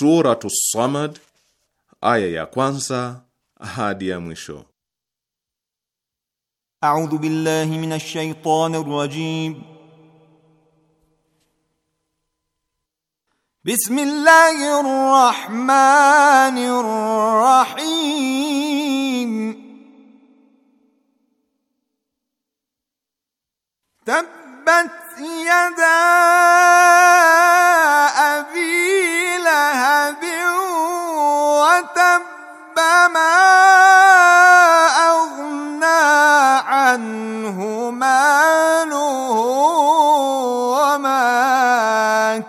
Suratu Samad aya ya kwanza hadi ya mwisho. A'udhu billahi minash shaitanir rajim. Bismillahir rahmanir rahim. Tabbat yada وتب ما أغنى عنه ماله وما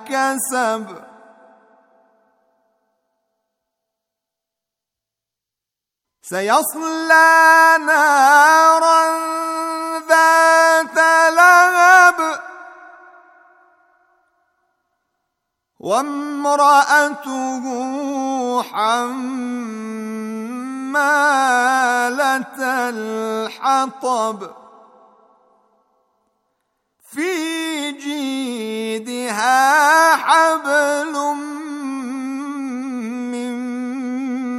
كسب سيصلى نارا ذات وامرأته حمالة الحطب في جيدها حبل من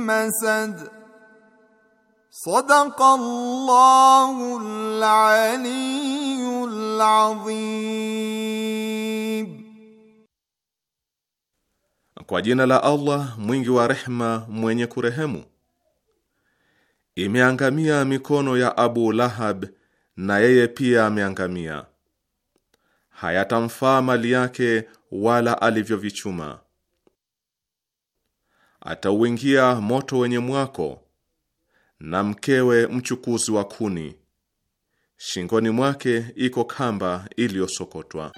مسد صدق الله العلي العظيم Kwa jina la Allah mwingi wa rehma, mwenye kurehemu. Imeangamia mikono ya Abu Lahab, na yeye pia ameangamia. Hayatamfaa mali yake wala alivyovichuma. Atauingia moto wenye mwako, na mkewe mchukuzi wa kuni. Shingoni mwake iko kamba iliyosokotwa.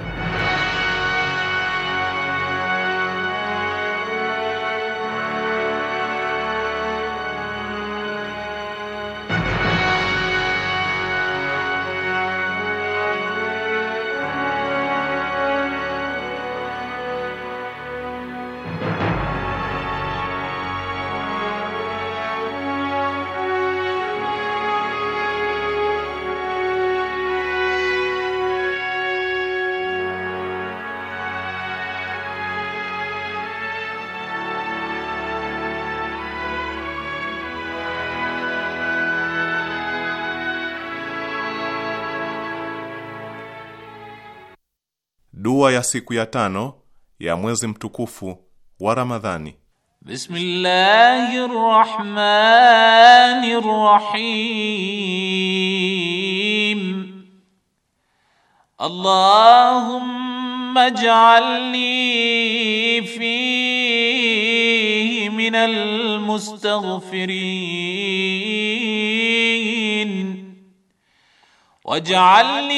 siku ya tano ya mwezi mtukufu wa Ramadhani. Bismillahirrahmanirrahim. Allahumma ij'alni fi minal mustaghfirin waj'alni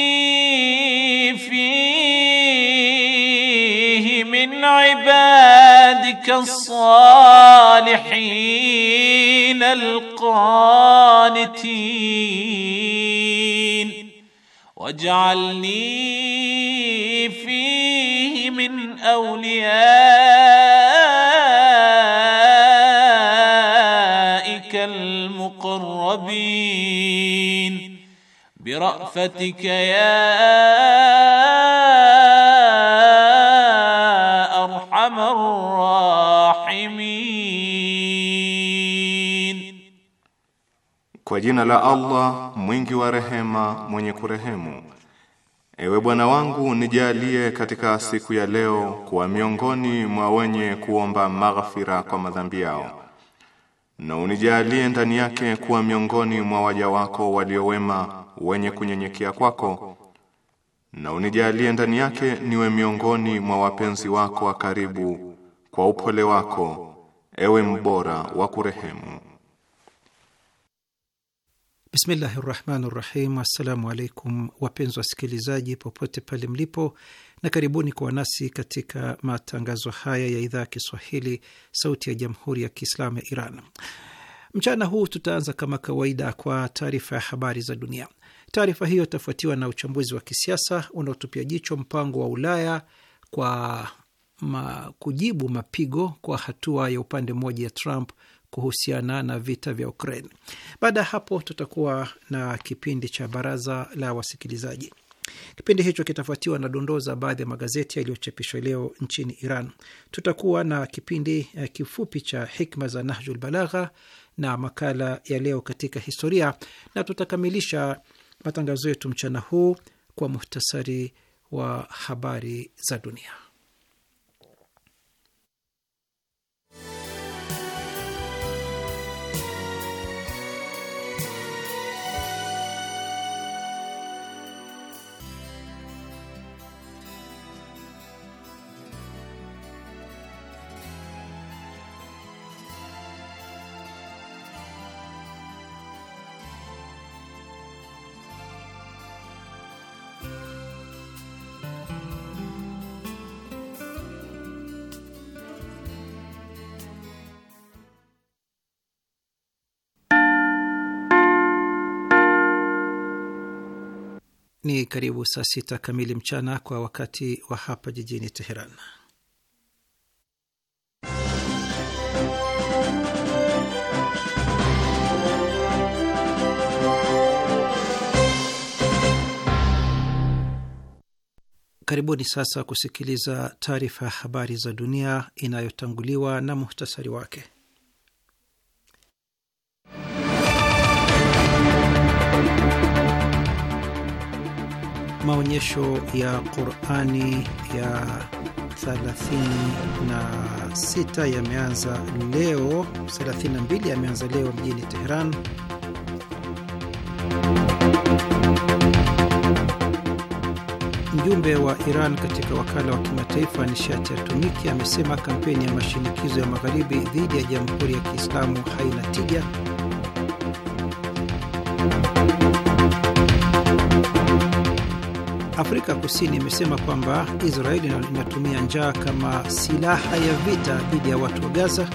عبادك الصالحين القانتين واجعلني فيه من اوليائك المقربين برأفتك يا Kwa jina la Allah mwingi wa rehema, mwenye kurehemu. Ewe Bwana wangu, nijalie katika siku ya leo kuwa miongoni mwa wenye kuomba maghfira kwa madhambi yao, na unijalie ndani yake kuwa miongoni mwa waja wako waliowema wenye kunyenyekea kwako, na unijalie ndani yake niwe miongoni mwa wapenzi wako wa karibu kwa upole wako, ewe mbora wa kurehemu. Bismillahi rahmani rahim. Assalamu alaikum wapenzi wasikilizaji popote pale mlipo, na karibuni kuwa nasi katika matangazo haya ya idhaa ya Kiswahili sauti ya jamhuri ya Kiislamu ya Iran. Mchana huu tutaanza kama kawaida kwa taarifa ya habari za dunia. Taarifa hiyo itafuatiwa na uchambuzi wa kisiasa unaotupia jicho mpango wa Ulaya kwa ma kujibu mapigo kwa hatua ya upande mmoja ya Trump kuhusiana na vita vya Ukraine. Baada ya hapo, tutakuwa na kipindi cha baraza la wasikilizaji. Kipindi hicho kitafuatiwa na dondoo za baadhi ya magazeti yaliyochapishwa leo nchini Iran. Tutakuwa na kipindi eh, kifupi cha hikma za Nahjul Balagha na makala ya leo katika historia, na tutakamilisha matangazo yetu mchana huu kwa muhtasari wa habari za dunia. Ni karibu saa sita kamili mchana kwa wakati wa hapa jijini Teheran. Karibuni sasa kusikiliza taarifa ya habari za dunia inayotanguliwa na muhtasari wake. maonyesho ya Qurani ya 36 yameanza leo, 32 yameanza leo mjini Teheran. Mjumbe wa Iran katika wakala wa kimataifa wa nishati atomiki amesema kampeni ya mashinikizo ya magharibi dhidi ya jamhuri ya Kiislamu haina tija. Afrika Kusini imesema kwamba Israel inatumia njaa kama silaha ya vita dhidi ya watu wa Gaza.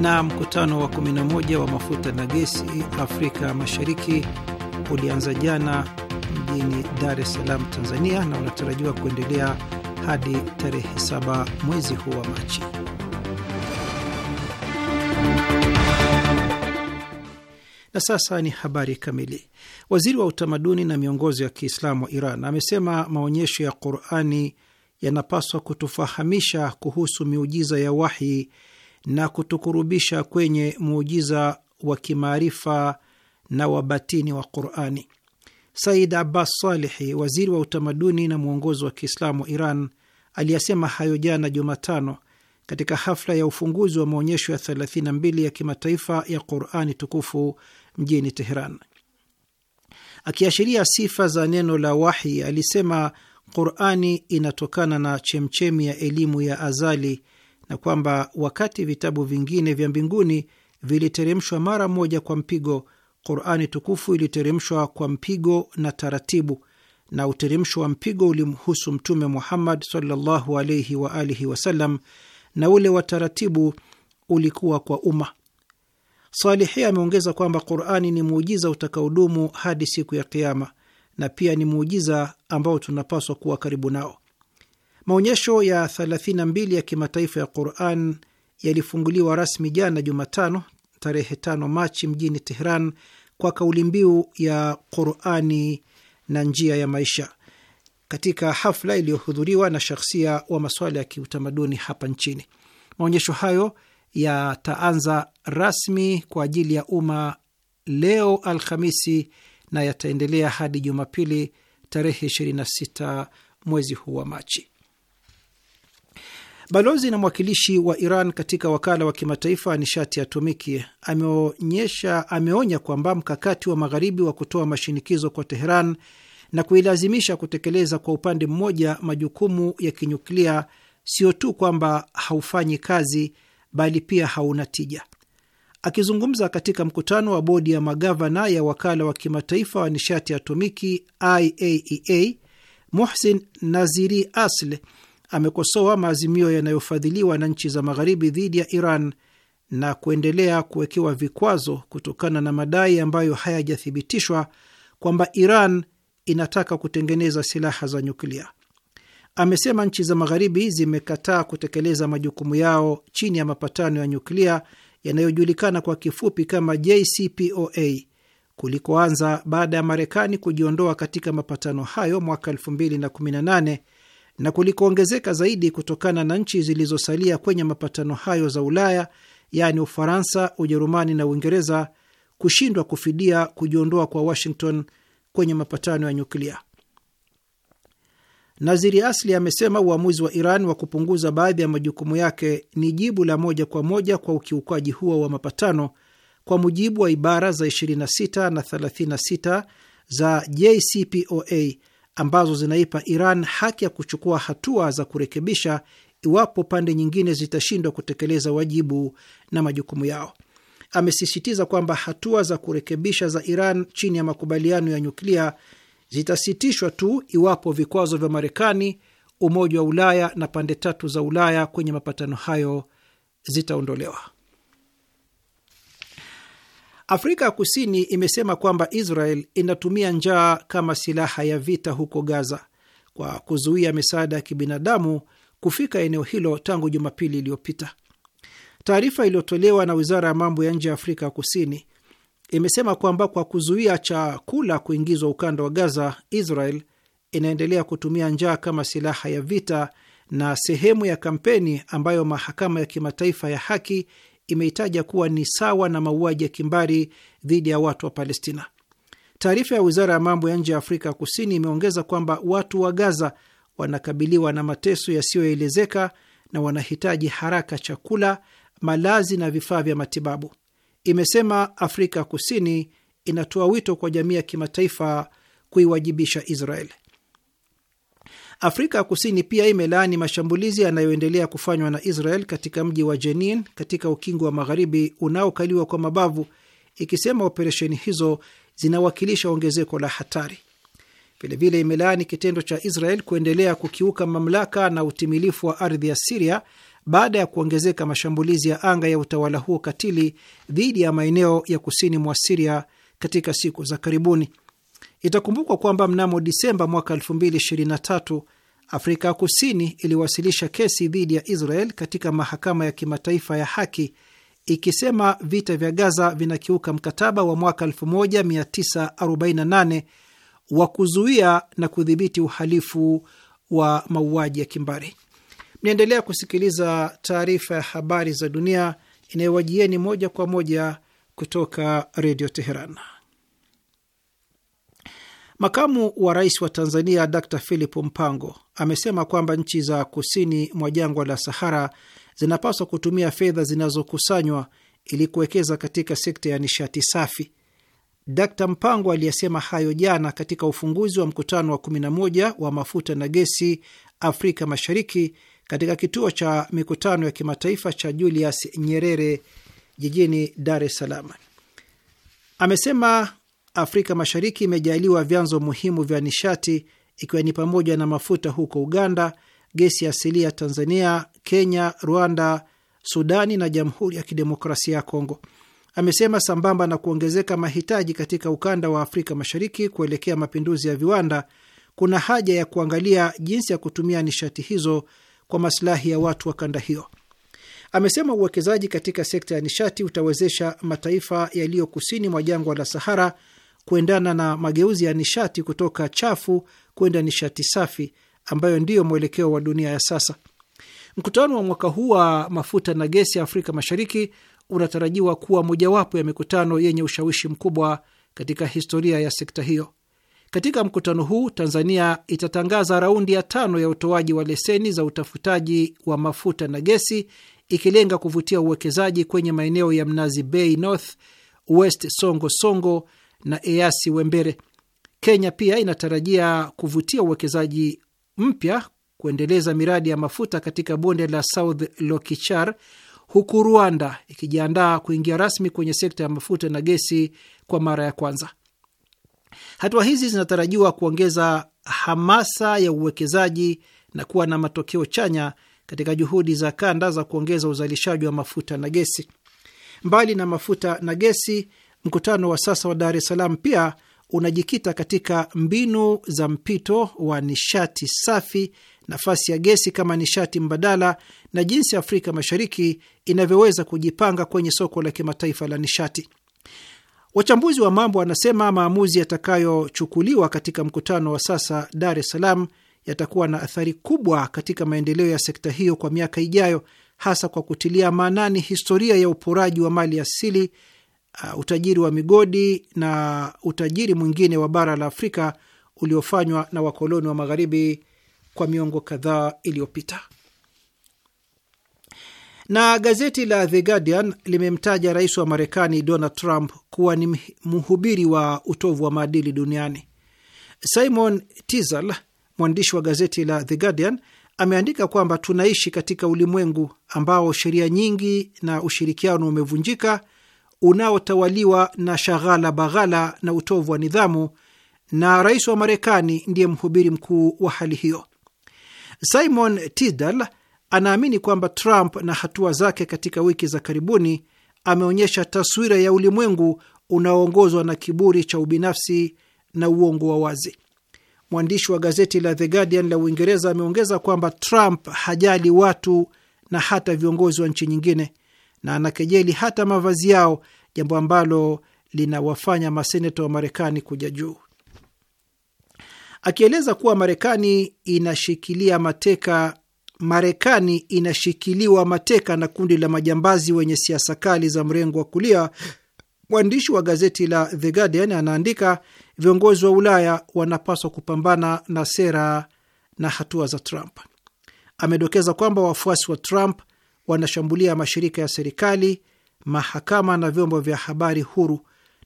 Na mkutano wa 11 wa mafuta na gesi Afrika Mashariki ulianza jana mjini Dar es Salaam, Tanzania, na unatarajiwa kuendelea hadi tarehe 7 mwezi huu wa Machi. Na sasa ni habari kamili. Waziri wa utamaduni na miongozo ya Kiislamu wa Iran amesema maonyesho ya Qurani yanapaswa kutufahamisha kuhusu miujiza ya wahi na kutukurubisha kwenye muujiza wa kimaarifa na wabatini wa Qurani. Said Abbas Salihi, waziri wa utamaduni na mwongozo wa Kiislamu wa Iran, aliyasema hayo jana Jumatano katika hafla ya ufunguzi wa maonyesho ya 32 ya kimataifa ya Qurani tukufu mjini Teheran. Akiashiria sifa za neno la wahi, alisema Qurani inatokana na chemchemi ya elimu ya azali na kwamba wakati vitabu vingine vya mbinguni viliteremshwa mara moja kwa mpigo, Qurani tukufu iliteremshwa kwa mpigo na taratibu, na uteremsho wa mpigo ulimhusu Mtume Muhammad sallallahu alaihi wa alihi wasallam, na ule wa taratibu ulikuwa kwa umma. Salihi ameongeza kwamba Qurani ni muujiza utakaodumu hadi siku ya Kiama, na pia ni muujiza ambao tunapaswa kuwa karibu nao. Maonyesho ya 32 ya kimataifa ya Quran yalifunguliwa rasmi jana Jumatano, tarehe 5 Machi mjini Tehran kwa kauli mbiu ya Qurani na njia ya maisha, katika hafla iliyohudhuriwa na shakhsia wa masuala ya kiutamaduni hapa nchini. Maonyesho hayo yataanza rasmi kwa ajili ya umma leo Alhamisi na yataendelea hadi Jumapili tarehe 26 mwezi huu wa Machi. Balozi na mwakilishi wa Iran katika wakala wa kimataifa wa nishati atomiki ameonyesha ameonya kwamba mkakati wa Magharibi wa kutoa mashinikizo kwa Teheran na kuilazimisha kutekeleza kwa upande mmoja majukumu ya kinyuklia sio tu kwamba haufanyi kazi bali pia hauna tija. Akizungumza katika mkutano wa bodi ya magavana ya wakala wa kimataifa wa nishati atomiki IAEA, Muhsin Naziri Asl amekosoa maazimio yanayofadhiliwa na nchi za magharibi dhidi ya Iran na kuendelea kuwekewa vikwazo kutokana na madai ambayo hayajathibitishwa kwamba Iran inataka kutengeneza silaha za nyuklia amesema nchi za Magharibi zimekataa kutekeleza majukumu yao chini ya mapatano ya nyuklia yanayojulikana kwa kifupi kama JCPOA kulikoanza baada ya Marekani kujiondoa katika mapatano hayo mwaka 2018 na kulikoongezeka zaidi kutokana na nchi zilizosalia kwenye mapatano hayo za Ulaya, yaani Ufaransa, Ujerumani na Uingereza kushindwa kufidia kujiondoa kwa Washington kwenye mapatano ya nyuklia. Naziri Asli amesema uamuzi wa Iran wa kupunguza baadhi ya majukumu yake ni jibu la moja kwa moja kwa ukiukwaji huo wa mapatano kwa mujibu wa ibara za 26 na 36 za JCPOA ambazo zinaipa Iran haki ya kuchukua hatua za kurekebisha iwapo pande nyingine zitashindwa kutekeleza wajibu na majukumu yao. Amesisitiza kwamba hatua za kurekebisha za Iran chini ya makubaliano ya nyuklia zitasitishwa tu iwapo vikwazo vya Marekani, Umoja wa Ulaya na pande tatu za Ulaya kwenye mapatano hayo zitaondolewa. Afrika ya Kusini imesema kwamba Israel inatumia njaa kama silaha ya vita huko Gaza kwa kuzuia misaada ya kibinadamu kufika eneo hilo tangu Jumapili iliyopita. Taarifa iliyotolewa na wizara ya mambo ya nje ya Afrika ya Kusini imesema kwamba kwa kuzuia chakula kuingizwa ukanda wa Gaza, Israel inaendelea kutumia njaa kama silaha ya vita na sehemu ya kampeni ambayo mahakama ya kimataifa ya haki imeitaja kuwa ni sawa na mauaji ya kimbari dhidi ya watu wa Palestina. Taarifa ya wizara ya mambo ya nje ya Afrika Kusini imeongeza kwamba watu wa Gaza wanakabiliwa na mateso yasiyoelezeka na wanahitaji haraka chakula, malazi na vifaa vya matibabu imesema Afrika Kusini inatoa wito kwa jamii ya kimataifa kuiwajibisha Israel. Afrika ya Kusini pia imelaani mashambulizi yanayoendelea kufanywa na Israel katika mji wa Jenin katika ukingo wa magharibi unaokaliwa kwa mabavu, ikisema operesheni hizo zinawakilisha ongezeko la hatari. Vilevile imelaani kitendo cha Israel kuendelea kukiuka mamlaka na utimilifu wa ardhi ya Siria baada ya kuongezeka mashambulizi ya anga ya utawala huo katili dhidi ya maeneo ya kusini mwa Siria katika siku za karibuni. Itakumbukwa kwamba mnamo Disemba mwaka 2023 Afrika ya Kusini iliwasilisha kesi dhidi ya Israel katika mahakama ya kimataifa ya haki ikisema vita vya Gaza vinakiuka mkataba wa mwaka 1948 wa kuzuia na kudhibiti uhalifu wa mauaji ya kimbari. Mnaendelea kusikiliza taarifa ya habari za dunia inayowajieni moja kwa moja kutoka Redio Teheran. Makamu wa rais wa Tanzania Dr Philip Mpango amesema kwamba nchi za kusini mwa jangwa la Sahara zinapaswa kutumia fedha zinazokusanywa ili kuwekeza katika sekta ya nishati safi. Dkt Mpango aliyesema hayo jana katika ufunguzi wa mkutano wa 11 wa mafuta na gesi Afrika Mashariki katika kituo cha mikutano ya kimataifa cha Julius Nyerere jijini Dar es Salaam. Amesema Afrika Mashariki imejaliwa vyanzo muhimu vya nishati ikiwa ni pamoja na mafuta huko Uganda, gesi asilia Tanzania, Kenya, Rwanda, Sudani na Jamhuri ya Kidemokrasia ya Kongo. Amesema sambamba na kuongezeka mahitaji katika ukanda wa Afrika Mashariki kuelekea mapinduzi ya viwanda, kuna haja ya kuangalia jinsi ya kutumia nishati hizo kwa masilahi ya watu wa kanda hiyo. Amesema uwekezaji katika sekta ya nishati utawezesha mataifa yaliyo kusini mwa jangwa la Sahara kuendana na mageuzi ya nishati kutoka chafu kwenda nishati safi ambayo ndiyo mwelekeo wa dunia ya sasa. Mkutano wa mwaka huu wa mafuta na gesi ya Afrika Mashariki unatarajiwa kuwa mojawapo ya mikutano yenye ushawishi mkubwa katika historia ya sekta hiyo. Katika mkutano huu Tanzania itatangaza raundi ya tano ya utoaji wa leseni za utafutaji wa mafuta na gesi ikilenga kuvutia uwekezaji kwenye maeneo ya Mnazi Bay North, West Songo Songo na easi Wembere. Kenya pia inatarajia kuvutia uwekezaji mpya kuendeleza miradi ya mafuta katika bonde la South Lokichar, huku Rwanda ikijiandaa kuingia rasmi kwenye sekta ya mafuta na gesi kwa mara ya kwanza. Hatua hizi zinatarajiwa kuongeza hamasa ya uwekezaji na kuwa na matokeo chanya katika juhudi za kanda za kuongeza uzalishaji wa mafuta na gesi. Mbali na mafuta na gesi, mkutano wa sasa wa Dar es Salaam pia unajikita katika mbinu za mpito wa nishati safi, nafasi ya gesi kama nishati mbadala, na jinsi Afrika Mashariki inavyoweza kujipanga kwenye soko la kimataifa la nishati. Wachambuzi wa mambo wanasema maamuzi yatakayochukuliwa katika mkutano wa sasa Dar es Salaam yatakuwa na athari kubwa katika maendeleo ya sekta hiyo kwa miaka ijayo, hasa kwa kutilia maanani historia ya uporaji wa mali asili, uh, utajiri wa migodi na utajiri mwingine wa bara la Afrika uliofanywa na wakoloni wa Magharibi kwa miongo kadhaa iliyopita. Na gazeti la The Guardian limemtaja rais wa Marekani Donald Trump kuwa ni mhubiri wa utovu wa maadili duniani. Simon Tisal, mwandishi wa gazeti la The Guardian, ameandika kwamba tunaishi katika ulimwengu ambao sheria nyingi na ushirikiano umevunjika, unaotawaliwa na shaghala baghala na utovu wa nidhamu, na rais wa Marekani ndiye mhubiri mkuu wa hali hiyo. Simon Tisdal anaamini kwamba Trump na hatua zake katika wiki za karibuni ameonyesha taswira ya ulimwengu unaoongozwa na kiburi cha ubinafsi na uongo wa wazi. Mwandishi wa gazeti la The Guardian la Uingereza ameongeza kwamba Trump hajali watu na hata viongozi wa nchi nyingine na anakejeli hata mavazi yao, jambo ambalo linawafanya maseneta wa Marekani kuja juu, akieleza kuwa Marekani inashikilia mateka Marekani inashikiliwa mateka na kundi la majambazi wenye siasa kali za mrengo wa kulia. Mwandishi wa gazeti la The Guardian anaandika, viongozi wa Ulaya wanapaswa kupambana na sera na hatua za Trump. Amedokeza kwamba wafuasi wa Trump wanashambulia mashirika ya serikali, mahakama na vyombo vya habari huru,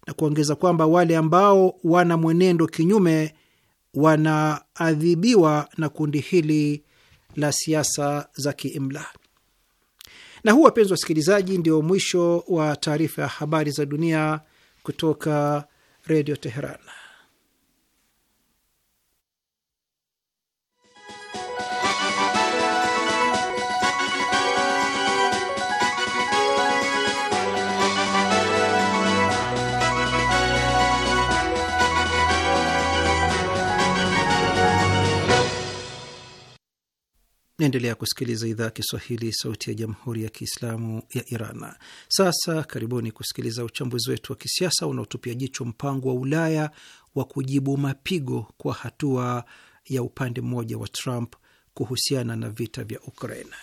na kuongeza kwamba wale ambao wana mwenendo kinyume wanaadhibiwa na kundi hili la siasa za kiimla. Na huu, wapenzi wasikilizaji, ndio mwisho wa taarifa ya habari za dunia kutoka Redio Teheran. Naendelea kusikiliza idhaa ya Kiswahili, sauti ya jamhuri ya kiislamu ya Iran. Sasa karibuni kusikiliza uchambuzi wetu wa kisiasa unaotupia jicho mpango wa Ulaya wa kujibu mapigo kwa hatua ya upande mmoja wa Trump kuhusiana na vita vya Ukraina.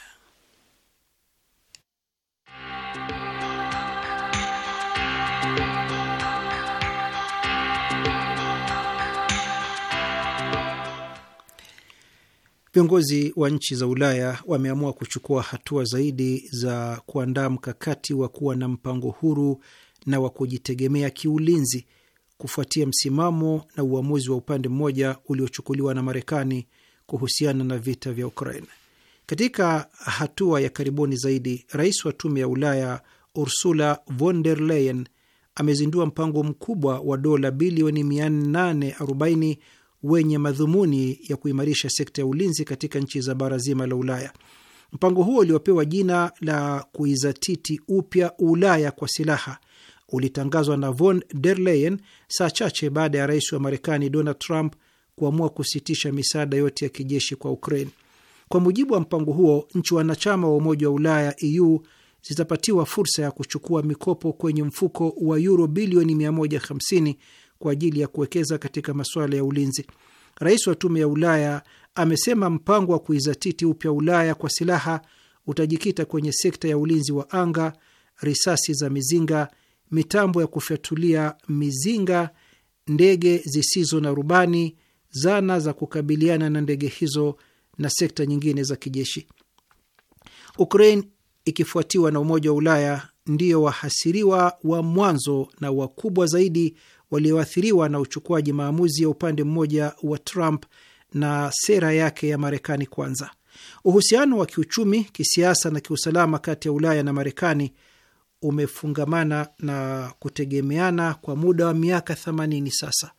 Viongozi wa nchi za Ulaya wameamua kuchukua hatua zaidi za kuandaa mkakati wa kuwa na mpango huru na wa kujitegemea kiulinzi kufuatia msimamo na uamuzi wa upande mmoja uliochukuliwa na Marekani kuhusiana na vita vya Ukraine. Katika hatua ya karibuni zaidi, rais wa tume ya Ulaya Ursula von der Leyen amezindua mpango mkubwa wa dola bilioni 840 wenye madhumuni ya kuimarisha sekta ya ulinzi katika nchi za bara zima la Ulaya. Mpango huo uliopewa jina la kuizatiti upya Ulaya kwa silaha ulitangazwa na von der Leyen saa chache baada ya rais wa Marekani Donald Trump kuamua kusitisha misaada yote ya kijeshi kwa Ukraine. Kwa mujibu wa mpango huo, nchi wanachama wa Umoja wa Ulaya EU zitapatiwa fursa ya kuchukua mikopo kwenye mfuko wa yuro bilioni 150 kwa ajili ya kuwekeza katika masuala ya ulinzi. Rais wa Tume ya Ulaya amesema mpango wa kuizatiti upya Ulaya kwa silaha utajikita kwenye sekta ya ulinzi wa anga, risasi za mizinga, mitambo ya kufyatulia mizinga, ndege zisizo na rubani, zana za kukabiliana na ndege hizo na sekta nyingine za kijeshi. Ukraine ikifuatiwa na Umoja wa Ulaya ndiyo wahasiriwa wa mwanzo na wakubwa zaidi walioathiriwa na uchukuaji maamuzi ya upande mmoja wa Trump na sera yake ya Marekani kwanza. Uhusiano wa kiuchumi, kisiasa na kiusalama kati ya Ulaya na Marekani umefungamana na kutegemeana kwa muda wa miaka 80 sasa,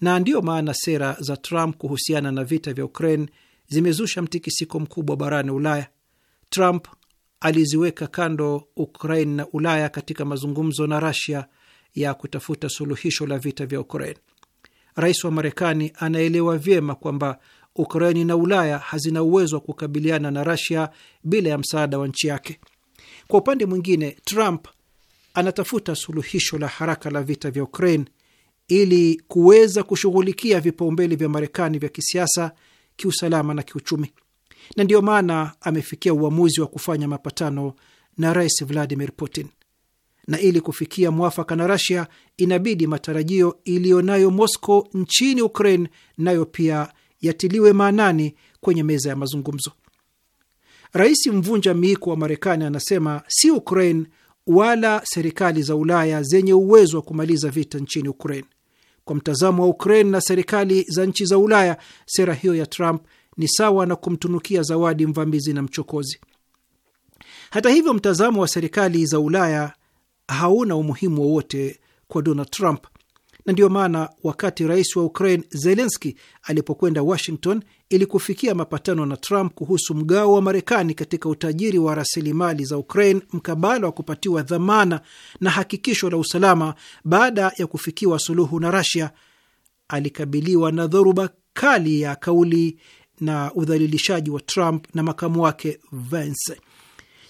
na ndiyo maana sera za Trump kuhusiana na vita vya Ukraine zimezusha mtikisiko mkubwa barani Ulaya. Trump aliziweka kando Ukraine na Ulaya katika mazungumzo na Russia ya kutafuta suluhisho la vita vya Ukraine. Rais wa Marekani anaelewa vyema kwamba Ukraini na Ulaya hazina uwezo wa kukabiliana na Rasia bila ya msaada wa nchi yake. Kwa upande mwingine, Trump anatafuta suluhisho la haraka la vita vya Ukraine ili kuweza kushughulikia vipaumbele vya Marekani vya kisiasa, kiusalama na kiuchumi, na ndiyo maana amefikia uamuzi wa kufanya mapatano na Rais Vladimir Putin na ili kufikia mwafaka na Rasia inabidi matarajio iliyo nayo Moscow nchini Ukraine nayo pia yatiliwe maanani kwenye meza ya mazungumzo. Rais mvunja miiko wa Marekani anasema si Ukraine wala serikali za Ulaya zenye uwezo wa kumaliza vita nchini Ukraine. Kwa mtazamo wa Ukraine na serikali za nchi za Ulaya, sera hiyo ya Trump ni sawa na kumtunukia zawadi mvamizi na mchokozi. Hata hivyo, mtazamo wa serikali za Ulaya hauna umuhimu wowote kwa Donald Trump, na ndiyo maana wakati rais wa Ukraine Zelenski alipokwenda Washington ili kufikia mapatano na Trump kuhusu mgao wa Marekani katika utajiri wa rasilimali za Ukraine mkabala wa kupatiwa dhamana na hakikisho la usalama baada ya kufikiwa suluhu na Russia, alikabiliwa na dhoruba kali ya kauli na udhalilishaji wa Trump na makamu wake Vance.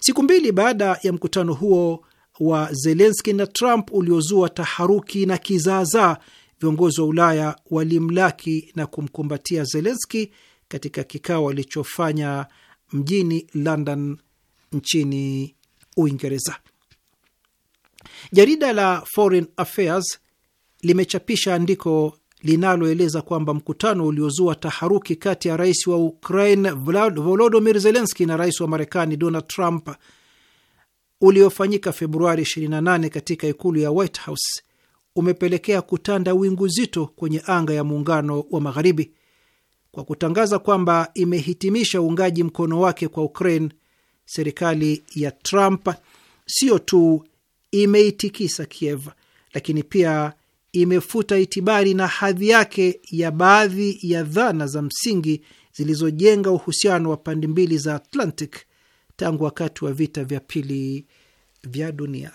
Siku mbili baada ya mkutano huo wa Zelenski na Trump uliozua taharuki na kizaazaa, viongozi wa Ulaya walimlaki na kumkumbatia Zelenski katika kikao alichofanya mjini London nchini Uingereza. Jarida la Foreign Affairs limechapisha andiko linaloeleza kwamba mkutano uliozua taharuki kati ya rais wa Ukraine Volodymyr zelenski na rais wa Marekani Donald Trump uliofanyika Februari 28 katika ikulu ya White House umepelekea kutanda wingu zito kwenye anga ya muungano wa Magharibi kwa kutangaza kwamba imehitimisha uungaji mkono wake kwa Ukraine. Serikali ya Trump sio tu imeitikisa Kiev, lakini pia imefuta itibari na hadhi yake ya baadhi ya dhana za msingi zilizojenga uhusiano wa pande mbili za Atlantic tangu wakati wa vita vya pili vya dunia.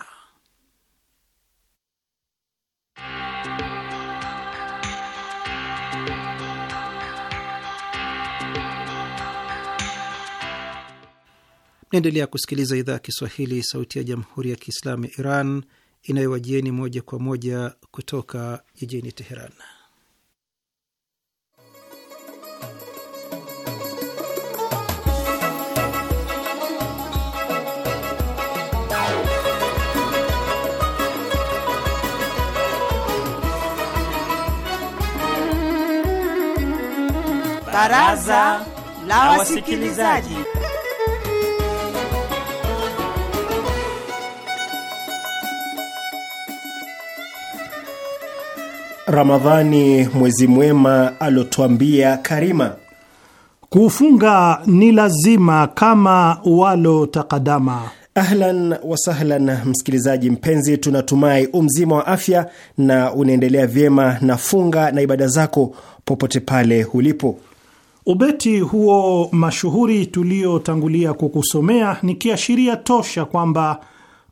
Naendelea kusikiliza idhaa ya Kiswahili, sauti ya jamhuri ya kiislamu ya Iran inayowajieni moja kwa moja kutoka jijini Teheran. Baraza la Wasikilizaji. Ramadhani mwezi mwema alotwambia Karima, kufunga ni lazima kama walo takadama. Ahlan wasahlan, msikilizaji mpenzi, tunatumai umzima wa afya na unaendelea vyema na funga na ibada zako popote pale ulipo. Ubeti huo mashuhuri tuliotangulia kukusomea ni kiashiria tosha kwamba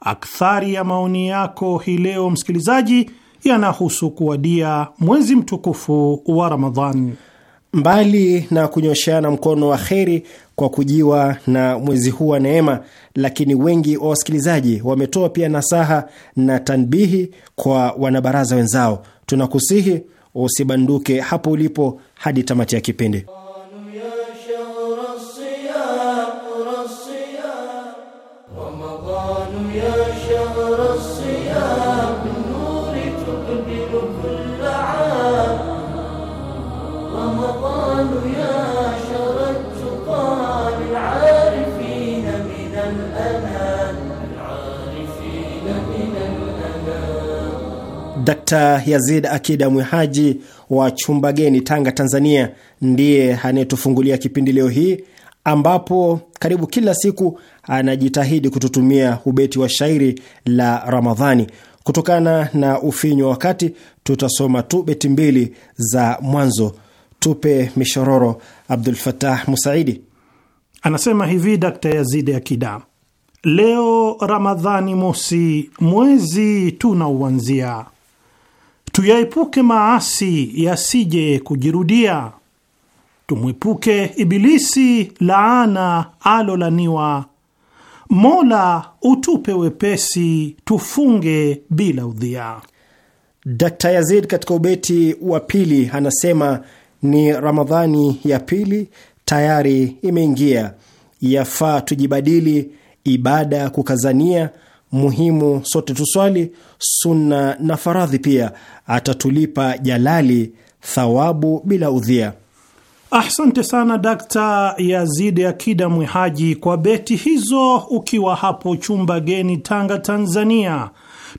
akthari ya maoni yako hii leo, msikilizaji, yanahusu kuwadia mwezi mtukufu wa ramadhan Mbali na kunyosheana mkono wa kheri kwa kujiwa na mwezi huu wa neema, lakini wengi wa wasikilizaji wametoa pia nasaha na tanbihi kwa wanabaraza wenzao. Tunakusihi usibanduke hapo ulipo hadi tamati ya kipindi. Dkt Yazid Akida Mwehaji wa chumba geni Tanga, Tanzania, ndiye anayetufungulia kipindi leo hii ambapo karibu kila siku anajitahidi kututumia ubeti wa shairi la Ramadhani. Kutokana na ufinyu wa wakati, tutasoma tu beti mbili za mwanzo. Tupe mishororo. Abdul Fatah Musaidi anasema hivi, Dakta Yazidi Akida: leo Ramadhani mosi, mwezi tunauanzia tuyaepuke maasi yasije kujirudia, tumwepuke Ibilisi laana alolaniwa. Mola utupe wepesi, tufunge bila udhia. Dkt Yazid katika ubeti wa pili anasema ni Ramadhani ya pili tayari imeingia, yafaa tujibadili ibada ya kukazania muhimu sote tuswali sunna na faradhi pia, atatulipa jalali thawabu bila udhia. Ahsante sana Dakta Yazidi Akida Mwihaji kwa beti hizo, ukiwa hapo chumba geni Tanga, Tanzania.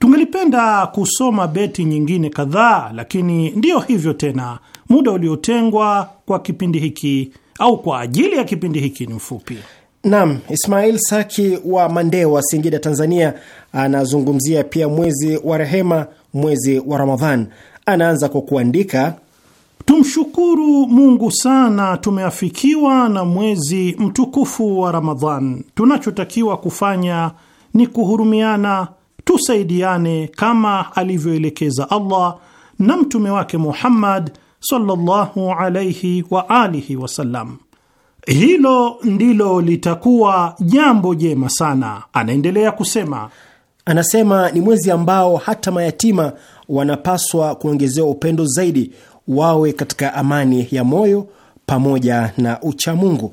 Tungelipenda kusoma beti nyingine kadhaa, lakini ndiyo hivyo tena, muda uliotengwa kwa kipindi hiki au kwa ajili ya kipindi hiki ni mfupi. Naam, Ismail Saki wa Mandewa, Singida, Tanzania, anazungumzia pia mwezi wa rehema, mwezi wa Ramadhan. Anaanza kwa kuandika Tumshukuru Mungu sana, tumeafikiwa na mwezi mtukufu wa Ramadhan. Tunachotakiwa kufanya ni kuhurumiana, tusaidiane kama alivyoelekeza Allah na mtume wake Muhammad sallallahu alayhi wa alihi wasallam. Hilo ndilo litakuwa jambo jema sana. Anaendelea kusema, anasema ni mwezi ambao hata mayatima wanapaswa kuongezewa upendo zaidi, wawe katika amani ya moyo pamoja na uchamungu.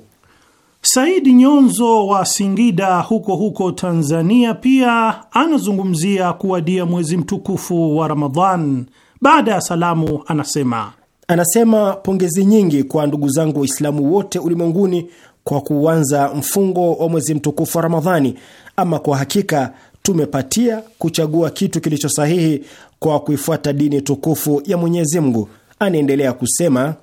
Saidi Nyonzo wa Singida huko huko Tanzania pia anazungumzia kuwadia mwezi mtukufu wa Ramadhan. Baada ya salamu, anasema Anasema pongezi nyingi kwa ndugu zangu Waislamu wote ulimwenguni kwa kuanza mfungo wa mwezi mtukufu wa Ramadhani. Ama kwa hakika tumepatia kuchagua kitu kilicho sahihi kwa kuifuata dini tukufu ya Mwenyezi Mungu. Anaendelea kusema,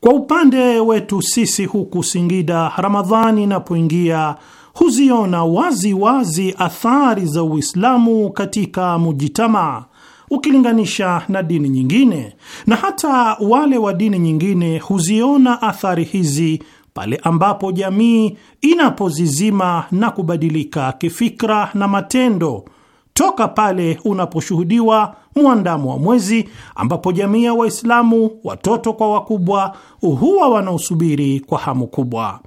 kwa upande wetu sisi huku Singida, Ramadhani inapoingia huziona wazi wazi athari za Uislamu katika mujitamaa ukilinganisha na dini nyingine, na hata wale wa dini nyingine huziona athari hizi pale ambapo jamii inapozizima na kubadilika kifikra na matendo toka pale unaposhuhudiwa mwandamo wa mwezi ambapo jamii ya Waislamu watoto kwa wakubwa huwa wanaosubiri kwa hamu kubwa.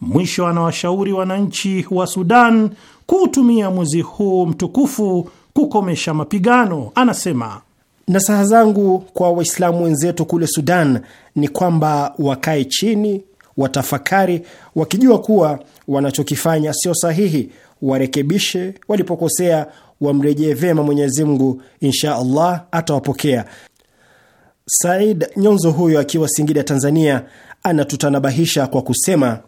Mwisho, anawashauri wananchi wa Sudan kuutumia mwezi huu mtukufu kukomesha mapigano. Anasema nasaha zangu kwa Waislamu wenzetu kule Sudan ni kwamba wakae chini, watafakari, wakijua kuwa wanachokifanya sio sahihi, warekebishe walipokosea, wamrejee vyema Mwenyezi Mungu, insha Allah atawapokea. Said Nyonzo huyo akiwa Singida, Tanzania, anatutanabahisha kwa kusema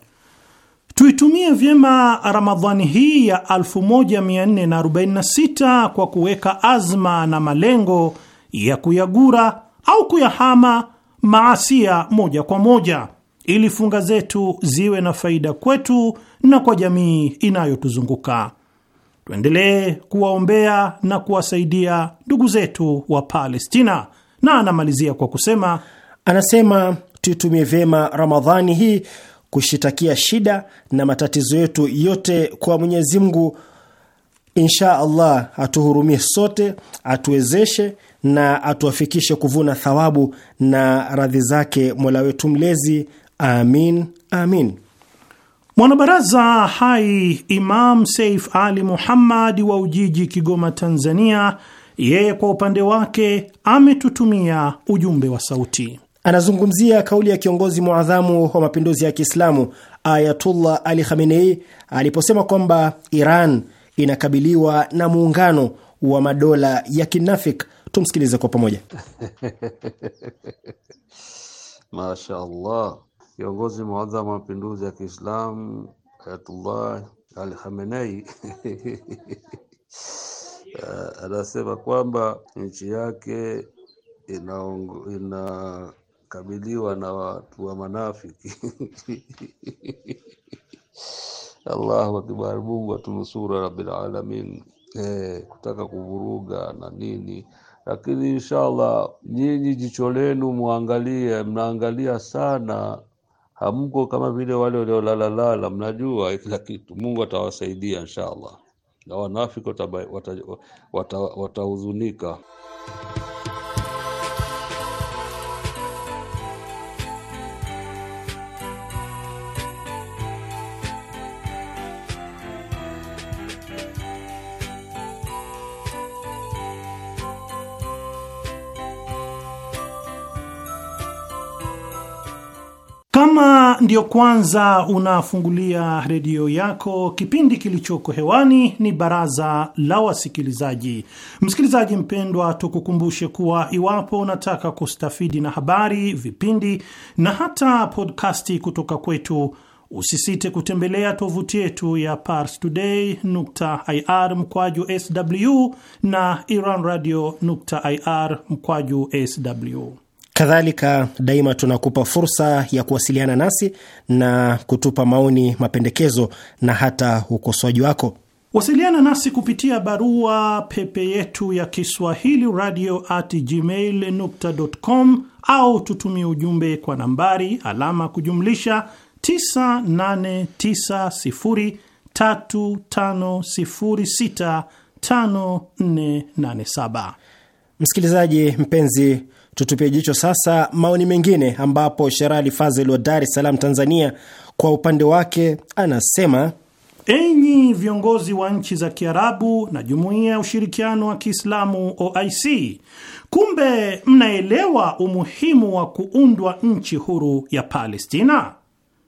Tuitumie vyema Ramadhani hii ya 1446 kwa kuweka azma na malengo ya kuyagura au kuyahama maasia moja kwa moja, ili funga zetu ziwe na faida kwetu na kwa jamii inayotuzunguka. Tuendelee kuwaombea na kuwasaidia ndugu zetu wa Palestina. Na anamalizia kwa kusema, anasema tuitumie vyema Ramadhani hii kushitakia shida na matatizo yetu yote kwa Mwenyezi Mungu. Insha Allah atuhurumie sote, atuwezeshe na atuafikishe kuvuna thawabu na radhi zake Mola wetu mlezi. Amin, amin. Mwanabaraza hai Imam Seif Ali Muhammad wa Ujiji, Kigoma, Tanzania, yeye kwa upande wake ametutumia ujumbe wa sauti. Anazungumzia kauli ya kiongozi mwadhamu wa mapinduzi ya Kiislamu Ayatullah Ali Khamenei aliposema kwamba Iran inakabiliwa na muungano wa madola ya kinafik. Tumsikilize kwa pamoja. Mashallah, kiongozi mwadhamu wa mapinduzi ya Kiislamu Ayatullah Ali Khamenei eh, anasema kwamba nchi yake ina kabiliwa na watu wa manafiki Allahu akbar, Mungu atunusura rabbil alamin. Eh, kutaka kuvuruga na nini, lakini inshallah nyinyi jicho lenu muangalie, mnaangalia sana, hamko kama vile wale waliolalalala, mnajua kila kitu. Mungu atawasaidia inshallah, na wanafiki watahuzunika wata, wata, wata Kama ndiyo kwanza unafungulia redio yako, kipindi kilichoko hewani ni baraza la wasikilizaji. Msikilizaji mpendwa, tukukumbushe kuwa iwapo unataka kustafidi na habari, vipindi na hata podkasti kutoka kwetu, usisite kutembelea tovuti yetu ya parstoday.ir mkwaju sw na iranradio.ir mkwaju sw. Kadhalika daima tunakupa fursa ya kuwasiliana nasi na kutupa maoni, mapendekezo na hata ukosoaji wako. Wasiliana nasi kupitia barua pepe yetu ya Kiswahili radio at gmail com, au tutumie ujumbe kwa nambari alama kujumlisha 989035065487. Msikilizaji mpenzi Tutupie jicho sasa maoni mengine, ambapo Sherali Fazel wa Dar es Salaam, Tanzania, kwa upande wake anasema Enyi viongozi wa nchi za Kiarabu na Jumuiya ya Ushirikiano wa Kiislamu OIC, kumbe mnaelewa umuhimu wa kuundwa nchi huru ya Palestina.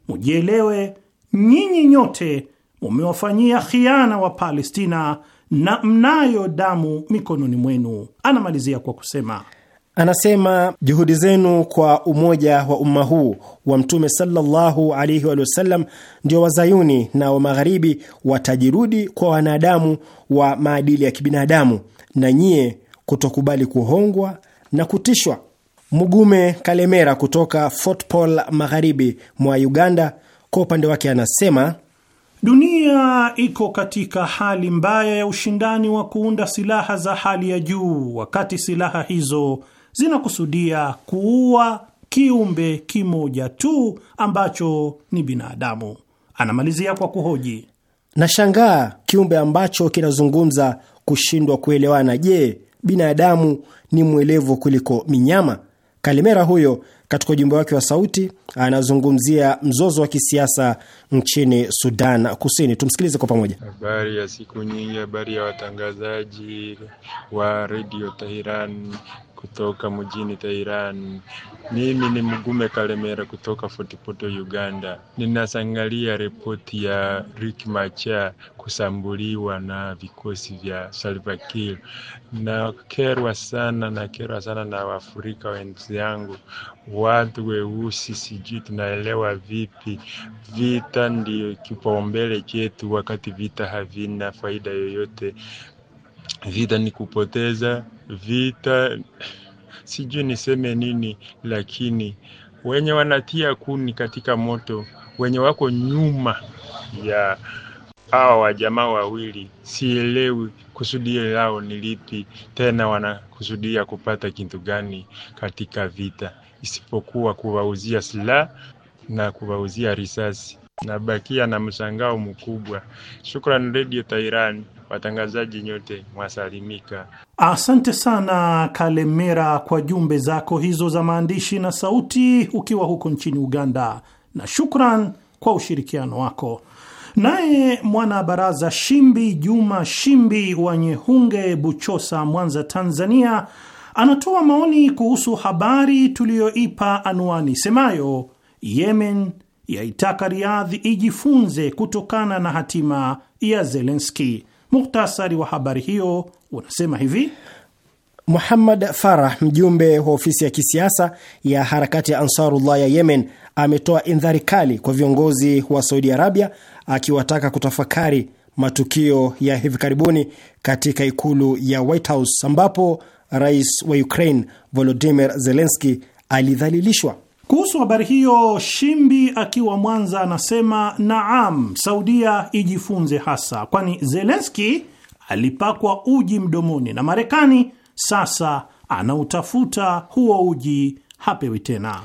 Mujielewe nyinyi nyote mumewafanyia khiana wa Palestina na mnayo damu mikononi mwenu. Anamalizia kwa kusema Anasema juhudi zenu kwa umoja wa umma huu wa Mtume sallallahu alaihi ndio wazayuni na wa magharibi watajirudi kwa wanadamu wa maadili ya kibinadamu na nyie kutokubali kuhongwa na kutishwa. Mugume Kalemera kutoka Fort Portal magharibi mwa Uganda, kwa upande wake anasema Dunia iko katika hali mbaya ya ushindani wa kuunda silaha za hali ya juu, wakati silaha hizo zinakusudia kuua kiumbe kimoja tu ambacho ni binadamu. Anamalizia kwa kuhoji, nashangaa kiumbe ambacho kinazungumza kushindwa kuelewana. Je, binadamu ni mwelevu kuliko minyama? Kalimera huyo katika ujumbe wake wa sauti anazungumzia mzozo wa kisiasa nchini Sudan Kusini. Tumsikilize kwa pamoja. Habari ya siku nyingi, habari ya watangazaji wa redio Teheran kutoka mjini Tehran. Mimi ni Mgume Kalemera kutoka Fort Portal, Uganda. Ninasangalia ripoti ya Rick Machar kusambuliwa na vikosi vya Salva Kiir. Nakerwa sana, nakerwa sana na Waafrika wenzangu, watu weusi, sijui tunaelewa vipi? Vita ndio kipaumbele chetu, wakati vita havina faida yoyote vita ni kupoteza vita, sijui niseme nini, lakini wenye wanatia kuni katika moto, wenye wako nyuma ya hawa wajamaa wawili, sielewi kusudia lao ni lipi, tena wanakusudia kupata kitu gani katika vita, isipokuwa kuwauzia silaha na kuwauzia risasi. Nabakia na mshangao mkubwa. Shukran Radio Tairani. Watangazaji nyote mwasalimika. Asante sana Kalemera kwa jumbe zako hizo za maandishi na sauti, ukiwa huko nchini Uganda, na shukran kwa ushirikiano wako. Naye mwana baraza Shimbi Juma Shimbi wa Nyehunge, Buchosa, Mwanza, Tanzania, anatoa maoni kuhusu habari tuliyoipa anwani semayo Yemen yaitaka Riadhi ijifunze kutokana na hatima ya Zelenski. Muhtasari wa habari hiyo unasema hivi: Muhammad Farah, mjumbe wa ofisi ya kisiasa ya harakati ya Ansarullah ya Yemen, ametoa indhari kali kwa viongozi wa Saudi Arabia akiwataka kutafakari matukio ya hivi karibuni katika ikulu ya White House ambapo rais wa Ukraine Volodymyr Zelensky alidhalilishwa. Kuhusu habari hiyo, Shimbi akiwa Mwanza anasema naam, Saudia ijifunze hasa, kwani Zelenski alipakwa uji mdomoni na Marekani, sasa anautafuta huo uji, hapewi tena.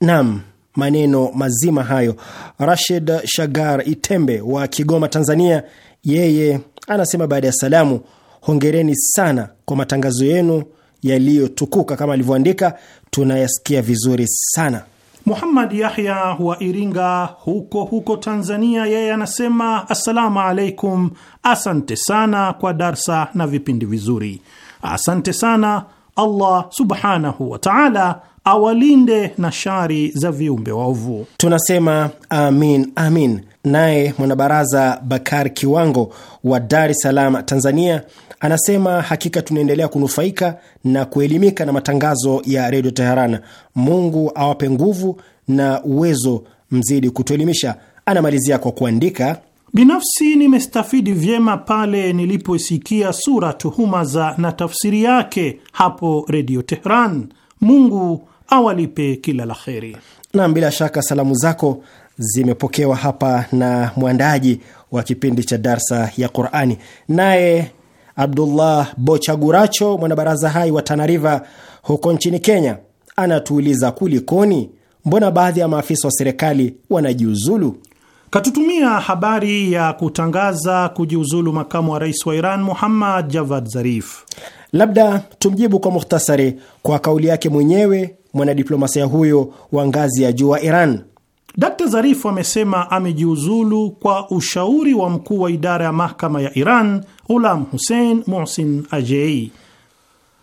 Naam, maneno mazima hayo. Rashid Shagar Itembe wa Kigoma, Tanzania, yeye anasema baada ya salamu, hongereni sana kwa matangazo yenu yaliyotukuka kama alivyoandika, tunayasikia vizuri sana. Muhammad Yahya wa Iringa huko huko Tanzania, yeye anasema assalamu alaikum, asante sana kwa darsa na vipindi vizuri, asante sana. Allah subhanahu wa taala awalinde na shari za viumbe waovu. Tunasema amin amin. Naye mwanabaraza Bakar Kiwango wa Dar es Salaam, Tanzania Anasema hakika tunaendelea kunufaika na kuelimika na matangazo ya redio Teheran. Mungu awape nguvu na uwezo, mzidi kutuelimisha. Anamalizia kwa kuandika Binafsi nimestafidi vyema pale nilipoisikia sura tuhuma za na tafsiri yake hapo redio Tehran. Mungu awalipe kila la kheri. Nam, bila shaka salamu zako zimepokewa hapa na mwandaji wa kipindi cha darsa ya Qurani, naye Abdullah Bochaguracho, mwanabaraza hai wa Tanariva huko nchini Kenya, anatuuliza kulikoni, mbona baadhi ya maafisa wa serikali wanajiuzulu? Katutumia habari ya kutangaza kujiuzulu makamu wa rais wa Iran Muhammad Javad Zarif. Labda tumjibu kwa mukhtasari kwa kauli yake mwenyewe mwanadiplomasia huyo wa ngazi ya juu wa Iran Dkt Zarifu amesema amejiuzulu kwa ushauri wa mkuu wa idara ya mahakama ya Iran Ghulam Hussein Muhsin Ajei.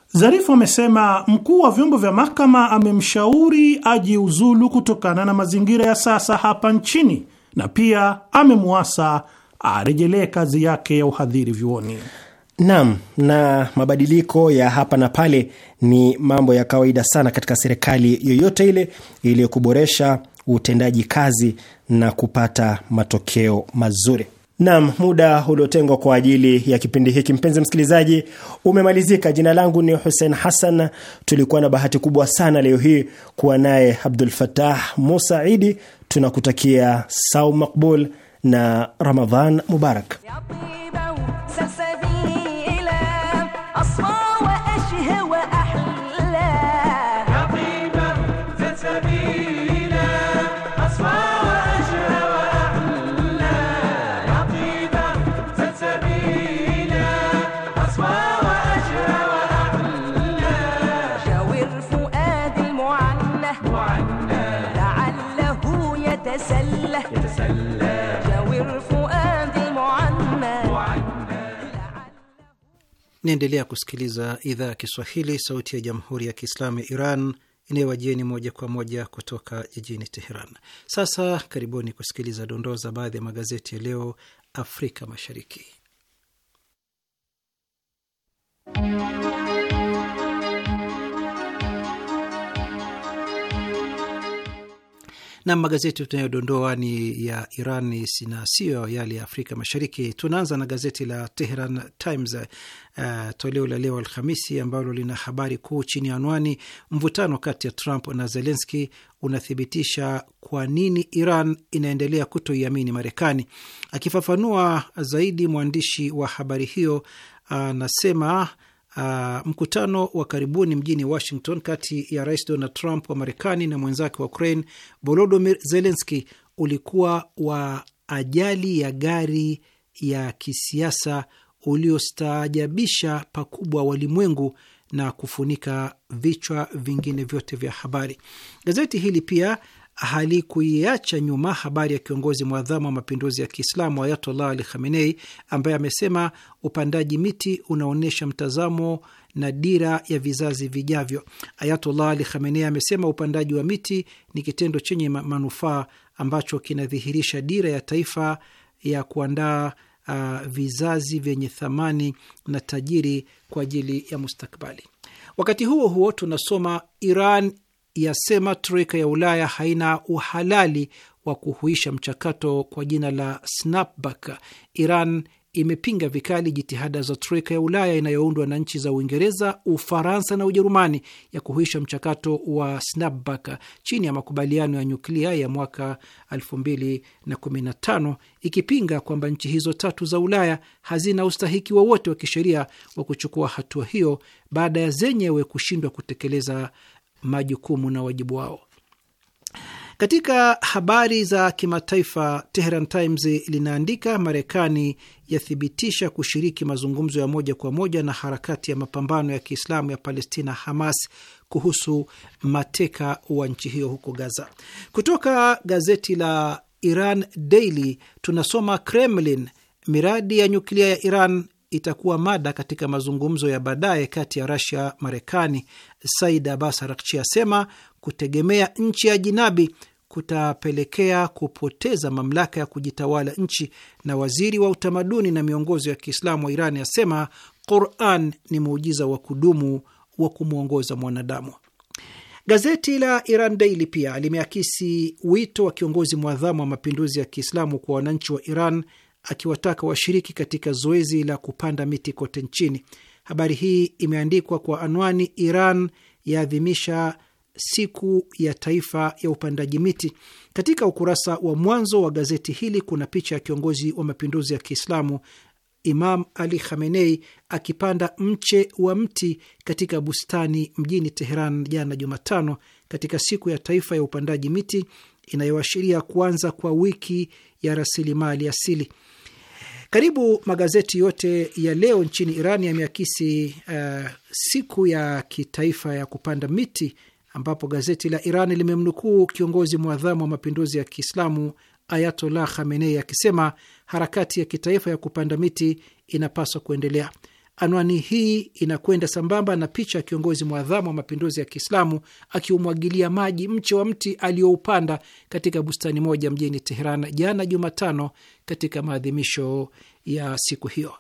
Zarifu amesema mkuu wa vyombo vya mahakama amemshauri ajiuzulu kutokana na mazingira ya sasa hapa nchini na pia amemwasa arejelee kazi yake ya uhadhiri vyuoni. Naam, na mabadiliko ya hapa na pale ni mambo ya kawaida sana katika serikali yoyote ile ili utendaji kazi na kupata matokeo mazuri. Nam, muda uliotengwa kwa ajili ya kipindi hiki, mpenzi msikilizaji, umemalizika. Jina langu ni Hussein Hassan. Tulikuwa na bahati kubwa sana leo hii kuwa naye Abdul Fatah Musa Idi. Tunakutakia saum makbul na Ramadhan mubarak. Naendelea kusikiliza idhaa ya Kiswahili, sauti ya jamhuri ya kiislamu ya Iran inayowajieni moja kwa moja kutoka jijini Teheran. Sasa karibuni kusikiliza dondoo za baadhi ya magazeti ya leo Afrika Mashariki. Na magazeti tunayodondoa ni ya Iran na siyo yale ya Afrika Mashariki. Tunaanza na gazeti la Tehran Times uh, toleo la leo Alhamisi, ambalo lina habari kuu chini ya anwani mvutano kati ya Trump na Zelenski unathibitisha kwa nini Iran inaendelea kutoiamini Marekani. Akifafanua zaidi mwandishi wa habari hiyo anasema uh, Uh, mkutano wa karibuni mjini Washington kati ya Rais Donald Trump wa Marekani na mwenzake wa Ukraine Volodymyr Zelensky ulikuwa wa ajali ya gari ya kisiasa uliostaajabisha pakubwa walimwengu na kufunika vichwa vingine vyote vya habari. Gazeti hili pia halikuiacha nyuma habari ya kiongozi mwadhamu wa mapinduzi ya Kiislamu Ayatollah Ali Khamenei ambaye amesema upandaji miti unaonyesha mtazamo na dira ya vizazi vijavyo. Ayatollah Ali Khamenei amesema upandaji wa miti ni kitendo chenye manufaa ambacho kinadhihirisha dira ya taifa ya kuandaa uh, vizazi vyenye thamani na tajiri kwa ajili ya mustakbali. Wakati huo huo tunasoma Iran yasema troika ya Ulaya haina uhalali wa kuhuisha mchakato kwa jina la snapback. Iran imepinga vikali jitihada za troika ya Ulaya inayoundwa na nchi za Uingereza, Ufaransa na Ujerumani ya kuhuisha mchakato wa snapback chini ya makubaliano ya nyuklia ya mwaka 2015 ikipinga kwamba nchi hizo tatu za Ulaya hazina ustahiki wowote wa, wa kisheria wa kuchukua hatua hiyo baada ya zenyewe kushindwa kutekeleza majukumu na wajibu wao. Katika habari za kimataifa, Teheran Times linaandika Marekani yathibitisha kushiriki mazungumzo ya moja kwa moja na harakati ya mapambano ya Kiislamu ya Palestina, Hamas, kuhusu mateka wa nchi hiyo huko Gaza. Kutoka gazeti la Iran Daily tunasoma Kremlin, miradi ya nyuklia ya Iran itakuwa mada katika mazungumzo ya baadaye kati ya Rasia Marekani. Said Abbas Arakchi asema kutegemea nchi ya jinabi kutapelekea kupoteza mamlaka ya kujitawala nchi, na waziri wa utamaduni na miongozo ya Kiislamu wa iran asema Quran ni muujiza wa kudumu wa kumwongoza mwanadamu. Gazeti la Iran Daily pia limeakisi wito wa kiongozi mwadhamu wa mapinduzi ya Kiislamu kwa wananchi wa Iran akiwataka washiriki katika zoezi la kupanda miti kote nchini. Habari hii imeandikwa kwa anwani Iran yaadhimisha siku ya taifa ya upandaji miti. Katika ukurasa wa mwanzo wa gazeti hili kuna picha ya kiongozi wa mapinduzi ya Kiislamu Imam Ali Khamenei akipanda mche wa mti katika bustani mjini Teheran jana Jumatano, katika siku ya taifa ya upandaji miti inayoashiria kuanza kwa wiki ya rasilimali asili. Karibu magazeti yote ya leo nchini Iran yameakisi uh, siku ya kitaifa ya kupanda miti ambapo gazeti la Iran limemnukuu kiongozi mwadhamu wa mapinduzi ya Kiislamu Ayatollah Khamenei akisema harakati ya kitaifa ya kupanda miti inapaswa kuendelea. Anwani hii inakwenda sambamba na picha ya kiongozi mwadhamu wa mapinduzi ya Kiislamu akiumwagilia maji mche wa mti aliyoupanda katika bustani moja mjini Teheran jana Jumatano, katika maadhimisho ya siku hiyo.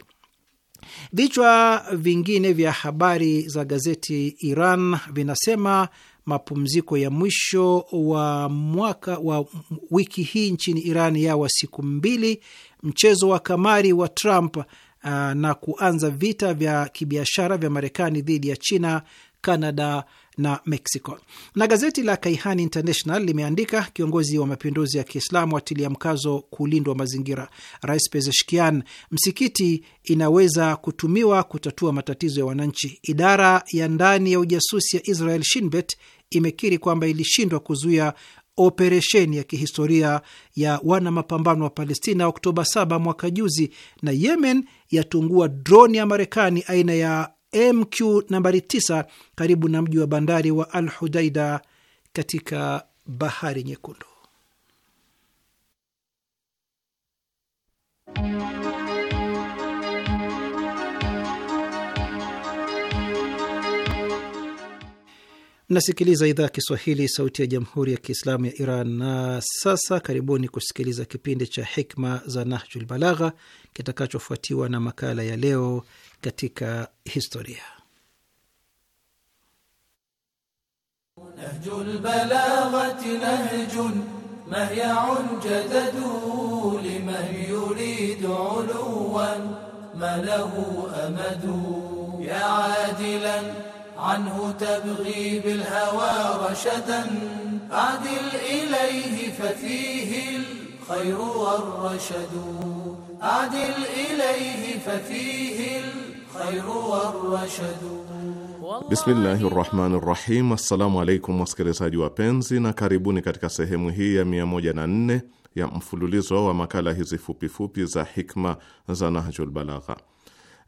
Vichwa vingine vya habari za gazeti Iran vinasema mapumziko ya mwisho wa mwaka wa wiki hii nchini Iran yawa siku mbili. Mchezo wa kamari wa Trump uh, na kuanza vita vya kibiashara vya Marekani dhidi ya China, Canada na Mexico. Na gazeti la Kaihan International limeandika kiongozi wa mapinduzi ya Kiislamu atilia mkazo kulindwa mazingira. Rais Pezeshkian, msikiti inaweza kutumiwa kutatua matatizo ya wananchi. Idara ya ndani ya ujasusi ya Israel Shinbet imekiri kwamba ilishindwa kuzuia operesheni ya kihistoria ya wana mapambano wa Palestina Oktoba 7 mwaka juzi, na Yemen yatungua droni ya Marekani aina ya MQ nambari 9 karibu na mji wa bandari wa Al Hudaida katika Bahari Nyekundu. Mnasikiliza idhaa ya Kiswahili, sauti ya jamhuri ya kiislamu ya Iran. Na sasa karibuni kusikiliza kipindi cha hikma za Nahjul Balagha kitakachofuatiwa na makala ya leo katika historia. Nahjul عنه تبغي بالهوى رشدا عدل إليه ففيه الخير والرشد عدل إليه ففيه الخير والرشد Bismillahi rahmani rahim. Assalamu alaikum wasikilizaji wapenzi, na karibuni katika sehemu hii ya 104 ya mfululizo wa makala hizi fupifupi za hikma za Nahjul Balagha.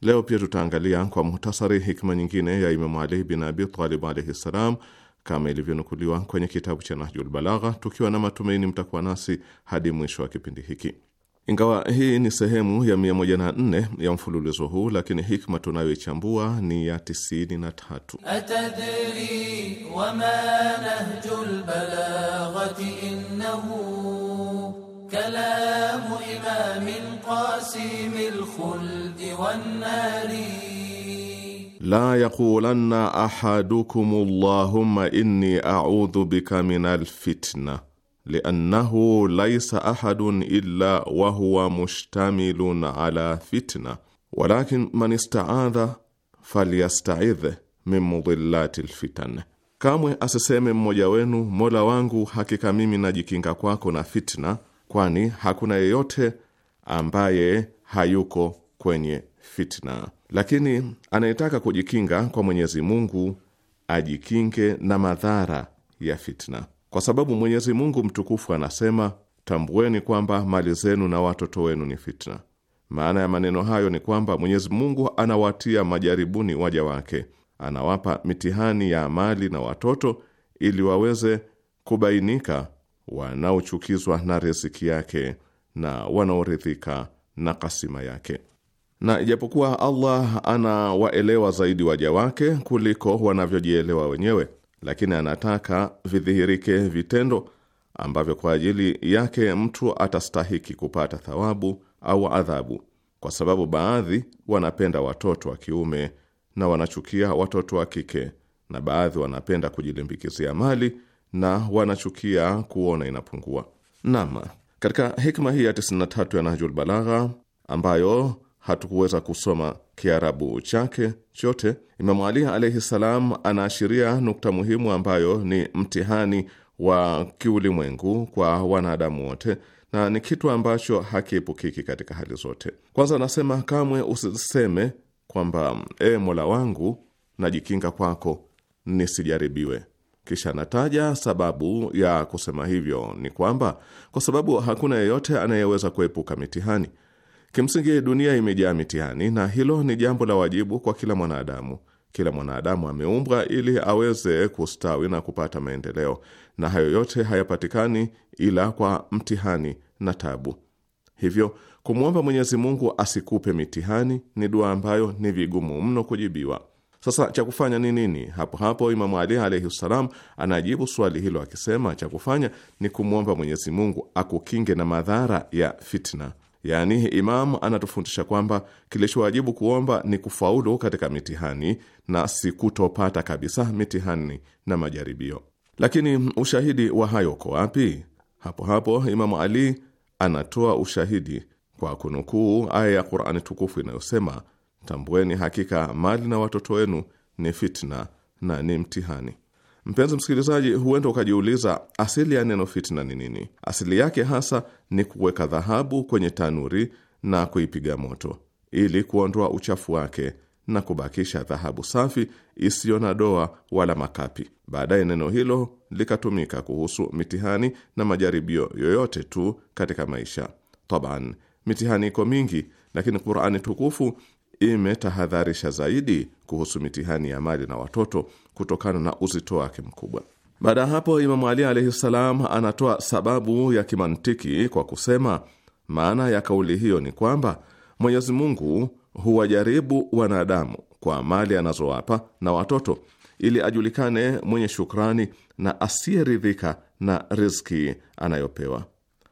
Leo pia tutaangalia kwa muhtasari hikma nyingine ya Imamu Ali bin Abi Talib alaihi ssalam kama ilivyonukuliwa kwenye kitabu cha Nahjul Balagha, tukiwa na matumaini mtakuwa nasi hadi mwisho wa kipindi hiki. Ingawa hii ni sehemu ya 104 ya mfululizo huu, lakini hikma tunayoichambua ni ya 93. kalamu imamin قاسم الخلد والنار لا يقولن أحدكم اللهم إني أعوذ بك من الفتنة لأنه ليس أحد إلا وهو مشتمل على فتنة ولكن من استعاذ فليستعذ من مضلات الفتن kamwe asiseme mmoja wenu, mola wangu, hakika mimi najikinga kwako na fitna, kwani hakuna yeyote ambaye hayuko kwenye fitna, lakini anayetaka kujikinga kwa Mwenyezi Mungu ajikinge na madhara ya fitna, kwa sababu Mwenyezi Mungu mtukufu anasema, tambueni kwamba mali zenu na watoto wenu ni fitna. Maana ya maneno hayo ni kwamba Mwenyezi Mungu anawatia majaribuni waja wake, anawapa mitihani ya mali na watoto ili waweze kubainika wanaochukizwa na riziki yake na wanaoridhika na kasima yake. Na ijapokuwa Allah anawaelewa zaidi waja wake kuliko wanavyojielewa wenyewe, lakini anataka vidhihirike vitendo ambavyo kwa ajili yake mtu atastahiki kupata thawabu au adhabu, kwa sababu baadhi wanapenda watoto wa kiume na wanachukia watoto wa kike, na baadhi wanapenda kujilimbikizia mali na wanachukia kuona inapungua. Naam. Katika hikma hii ya 93 ya Nahjul Balagha ambayo hatukuweza kusoma Kiarabu chake chote, Imamu Ali alaihi salam anaashiria nukta muhimu ambayo ni mtihani wa kiulimwengu kwa wanadamu wote na ni kitu ambacho hakiepukiki katika hali zote. Kwanza anasema kamwe usiseme kwamba e, Mola wangu najikinga kwako nisijaribiwe. Kisha nataja sababu ya kusema hivyo ni kwamba kwa sababu hakuna yeyote anayeweza kuepuka mitihani. Kimsingi, dunia imejaa mitihani, na hilo ni jambo la wajibu kwa kila mwanadamu. Kila mwanadamu ameumbwa ili aweze kustawi na kupata maendeleo, na hayo yote hayapatikani ila kwa mtihani na tabu. Hivyo kumwomba Mwenyezi Mungu asikupe mitihani ni dua ambayo ni vigumu mno kujibiwa. Sasa cha kufanya ni nini? Hapo hapo Imamu Ali alaihi ssalam anajibu swali hilo akisema, cha kufanya ni kumwomba Mwenyezi Mungu akukinge na madhara ya fitna. Yaani, Imamu anatufundisha kwamba kilichowajibu kuomba ni kufaulu katika mitihani na si kutopata kabisa mitihani na majaribio. Lakini ushahidi wa hayo uko wapi? Hapo hapo Imamu Ali anatoa ushahidi kwa kunukuu aya ya Qur'ani tukufu inayosema Tambueni hakika mali na watoto wenu ni fitna na ni mtihani. Mpenzi msikilizaji, huenda ukajiuliza asili ya neno fitna ni nini? Asili yake hasa ni kuweka dhahabu kwenye tanuri na kuipiga moto ili kuondoa uchafu wake na kubakisha dhahabu safi isiyo na doa wala makapi. Baadaye neno hilo likatumika kuhusu mitihani na majaribio yoyote tu katika maisha. Taban, mitihani iko mingi, lakini Qur'ani tukufu imetahadharisha zaidi kuhusu mitihani ya mali na watoto kutokana na uzito wake mkubwa. Baada ya hapo, Imamu Ali alaihi ssalam anatoa sababu ya kimantiki kwa kusema, maana ya kauli hiyo ni kwamba Mwenyezi Mungu huwajaribu wanadamu kwa mali anazowapa na watoto ili ajulikane mwenye shukrani na asiyeridhika na riziki anayopewa.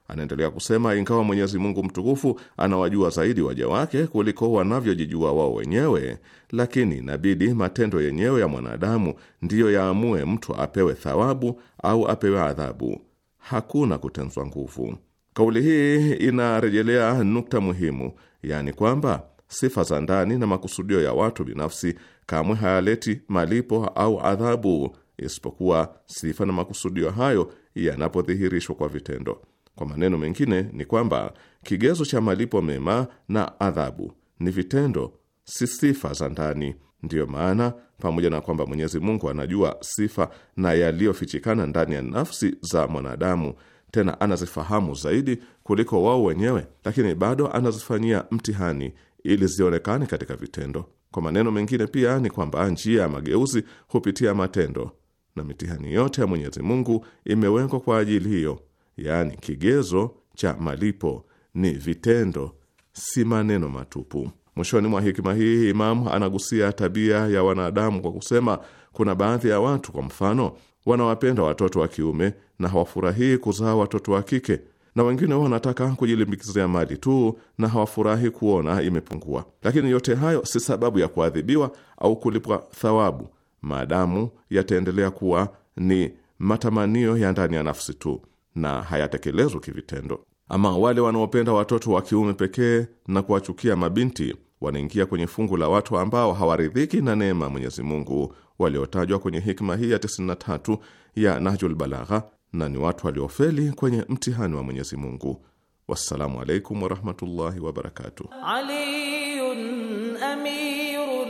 Anaendelea kusema ingawa Mwenyezi Mungu mtukufu anawajua zaidi waja wake kuliko wanavyojijua wao wenyewe, lakini inabidi matendo yenyewe ya mwanadamu ndiyo yaamue mtu apewe thawabu au apewe adhabu. Hakuna kutenzwa nguvu. Kauli hii inarejelea nukta muhimu, yaani kwamba sifa za ndani na makusudio ya watu binafsi kamwe hayaleti malipo au adhabu, isipokuwa sifa na makusudio hayo yanapodhihirishwa kwa vitendo. Kwa maneno mengine ni kwamba kigezo cha malipo mema na adhabu ni vitendo, si sifa za ndani. Ndiyo maana pamoja na kwamba Mwenyezi Mungu anajua sifa na yaliyofichikana ndani ya nafsi za mwanadamu, tena anazifahamu zaidi kuliko wao wenyewe, lakini bado anazifanyia mtihani ili zionekane katika vitendo. Kwa maneno mengine pia ni kwamba njia ya mageuzi hupitia matendo, na mitihani yote ya Mwenyezi Mungu imewekwa kwa ajili hiyo yaani kigezo cha malipo ni vitendo, si maneno matupu. Mwishoni mwa hikima hii, Imamu anagusia tabia ya wanadamu kwa kusema, kuna baadhi ya watu, kwa mfano, wanawapenda watoto wa kiume na hawafurahii kuzaa watoto wa kike, na wengine wanataka kujilimbikizia mali tu na hawafurahi kuona imepungua. Lakini yote hayo si sababu ya kuadhibiwa au kulipwa thawabu, maadamu yataendelea kuwa ni matamanio ya ndani ya nafsi tu na hayatekelezwi kivitendo. Ama wale wanaopenda watoto wa kiume pekee na kuwachukia mabinti wanaingia kwenye fungu la watu ambao hawaridhiki na neema Mwenyezi Mungu waliotajwa kwenye hikma hii ya 93 ya Nahjul Balagha, na ni watu waliofeli kwenye mtihani wa Mwenyezi Mungu. Wassalamu alaikum warahmatullahi wabarakatuh. Aliyun amirul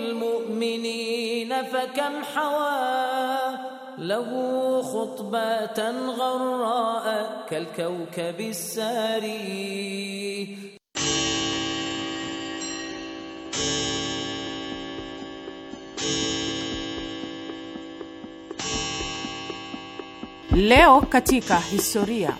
fakam hawa له خطبة غراء كالكوكب الساري Leo katika historia.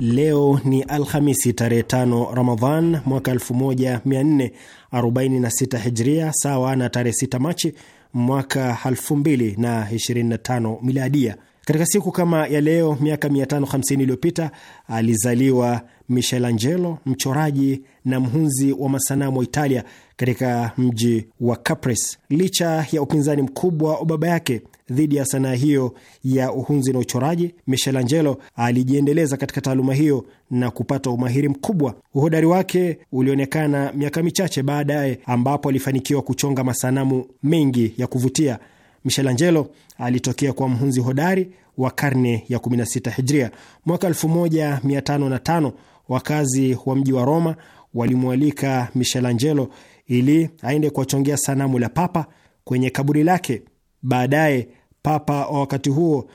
Leo ni Alhamisi tarehe 5 Ramadhan mwaka 1446 Hijria, sawa na tarehe 6 Machi mwaka 2025 miladia. Katika siku kama ya leo miaka 550 iliyopita alizaliwa Michelangelo, mchoraji na mhunzi wa masanamu wa Italia, katika mji wa Capres. Licha ya upinzani mkubwa wa baba yake, dhidi ya sanaa hiyo ya uhunzi na uchoraji, Michelangelo alijiendeleza katika taaluma hiyo na kupata umahiri mkubwa. Uhodari wake ulionekana miaka michache baadaye, ambapo alifanikiwa kuchonga masanamu mengi ya kuvutia. Michelangelo alitokea kwa mhunzi hodari wa karne ya 16 Hijria. Mwaka 1505 wakazi wa mji wa Roma walimwalika Michelangelo ili aende kuwachongea sanamu la papa kwenye kaburi lake. Baadaye Papa wa wakati huo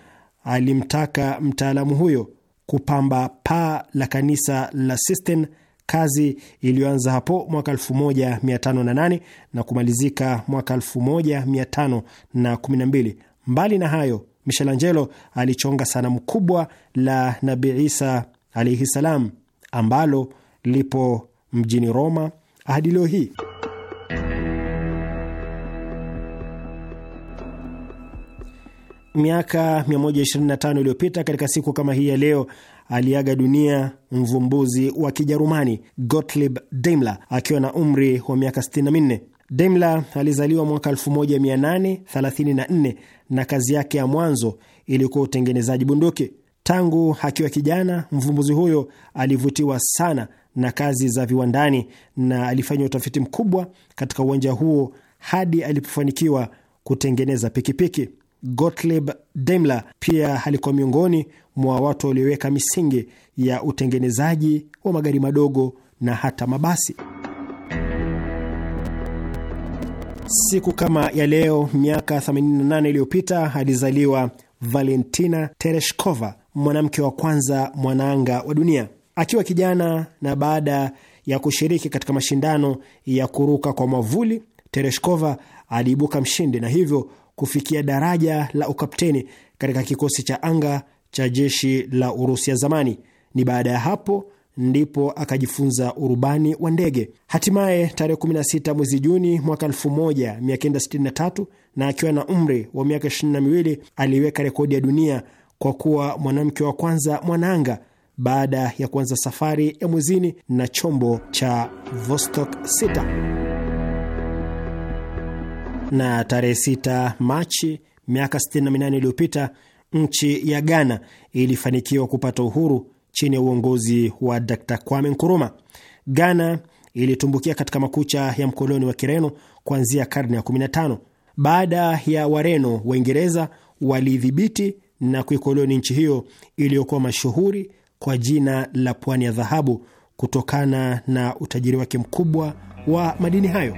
alimtaka mtaalamu huyo kupamba paa la kanisa la Sistine, kazi iliyoanza hapo mwaka 1508 na kumalizika mwaka 1512. Mbali na hayo, Michelangelo alichonga sanamu kubwa la Nabi Isa alaihi salam ambalo lipo mjini Roma hadi leo hii. miaka 125 iliyopita katika siku kama hii ya leo aliaga dunia mvumbuzi wa Kijerumani Gottlieb Daimler akiwa na umri wa miaka 64. Daimler alizaliwa mwaka 1834 na kazi yake ya mwanzo ilikuwa utengenezaji bunduki. Tangu akiwa kijana, mvumbuzi huyo alivutiwa sana na kazi za viwandani na alifanya utafiti mkubwa katika uwanja huo hadi alipofanikiwa kutengeneza pikipiki piki. Gottlieb Daimler pia alikuwa miongoni mwa watu walioweka misingi ya utengenezaji wa magari madogo na hata mabasi. Siku kama ya leo miaka 88 iliyopita alizaliwa Valentina Tereshkova, mwanamke wa kwanza mwanaanga wa dunia. Akiwa kijana na baada ya kushiriki katika mashindano ya kuruka kwa mwavuli, Tereshkova aliibuka mshindi na hivyo kufikia daraja la ukapteni katika kikosi cha anga cha jeshi la Urusi ya zamani. Ni baada ya hapo ndipo akajifunza urubani wa ndege. Hatimaye tarehe 16 mwezi Juni mwaka 1963 na akiwa na umri wa miaka 22 aliiweka rekodi ya dunia kwa kuwa mwanamke wa kwanza mwanaanga baada ya kuanza safari ya mwezini na chombo cha Vostok 6 na tarehe 6 Machi miaka 68 iliyopita nchi ya Ghana ilifanikiwa kupata uhuru chini ya uongozi wa Dr. Kwame Nkrumah. Ghana ilitumbukia katika makucha ya mkoloni wa Kireno kuanzia karne ya 15. Baada ya Wareno, Waingereza walidhibiti na kuikoloni nchi hiyo iliyokuwa mashuhuri kwa jina la Pwani ya Dhahabu kutokana na utajiri wake mkubwa wa madini hayo.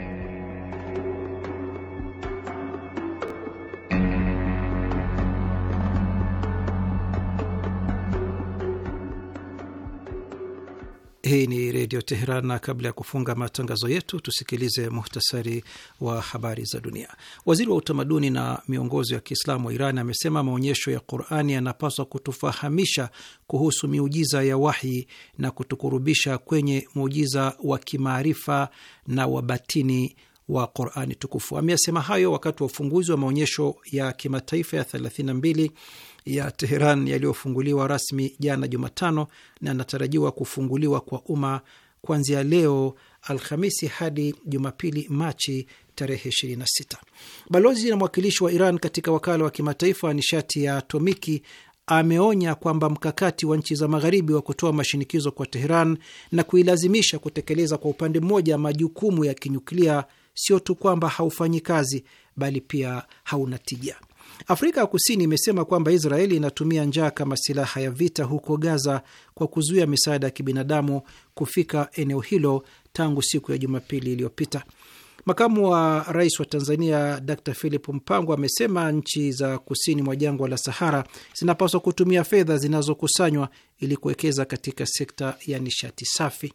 Hii ni Redio Teheran, na kabla ya kufunga matangazo yetu tusikilize muhtasari wa habari za dunia. Waziri wa utamaduni na miongozo ya Kiislamu wa Iran amesema maonyesho ya Qurani yanapaswa kutufahamisha kuhusu miujiza ya wahi na kutukurubisha kwenye muujiza wa kimaarifa na wabatini wa Qurani tukufu. Ameyasema hayo wakati wa ufunguzi wa maonyesho ya kimataifa ya 32 ya Teheran yaliyofunguliwa rasmi jana Jumatano na yanatarajiwa kufunguliwa kwa umma kuanzia leo Alhamisi hadi Jumapili, Machi tarehe 26. Balozi na mwakilishi wa Iran katika wakala wa kimataifa wa nishati ya atomiki ameonya kwamba mkakati wa nchi za magharibi wa kutoa mashinikizo kwa Teheran na kuilazimisha kutekeleza kwa upande mmoja majukumu ya kinyuklia sio tu kwamba haufanyi kazi, bali pia hauna tija. Afrika ya Kusini imesema kwamba Israeli inatumia njaa kama silaha ya vita huko Gaza kwa kuzuia misaada ya kibinadamu kufika eneo hilo tangu siku ya Jumapili iliyopita. Makamu wa rais wa Tanzania Dr Philip Mpango amesema nchi za kusini mwa jangwa la Sahara zinapaswa kutumia fedha zinazokusanywa ili kuwekeza katika sekta ya nishati safi.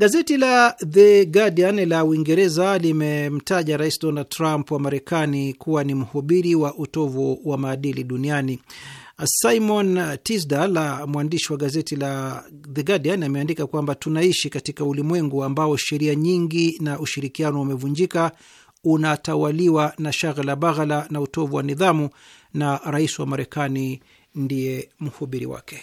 Gazeti la The Guardian la Uingereza limemtaja Rais Donald Trump wa Marekani kuwa ni mhubiri wa utovu wa maadili duniani. Simon la mwandishi wa gazeti la The Guardian, ameandika kwamba tunaishi katika ulimwengu ambao sheria nyingi na ushirikiano umevunjika, unatawaliwa na shaghala baghala na utovu wa nidhamu, na rais wa Marekani ndiye mhubiri wake.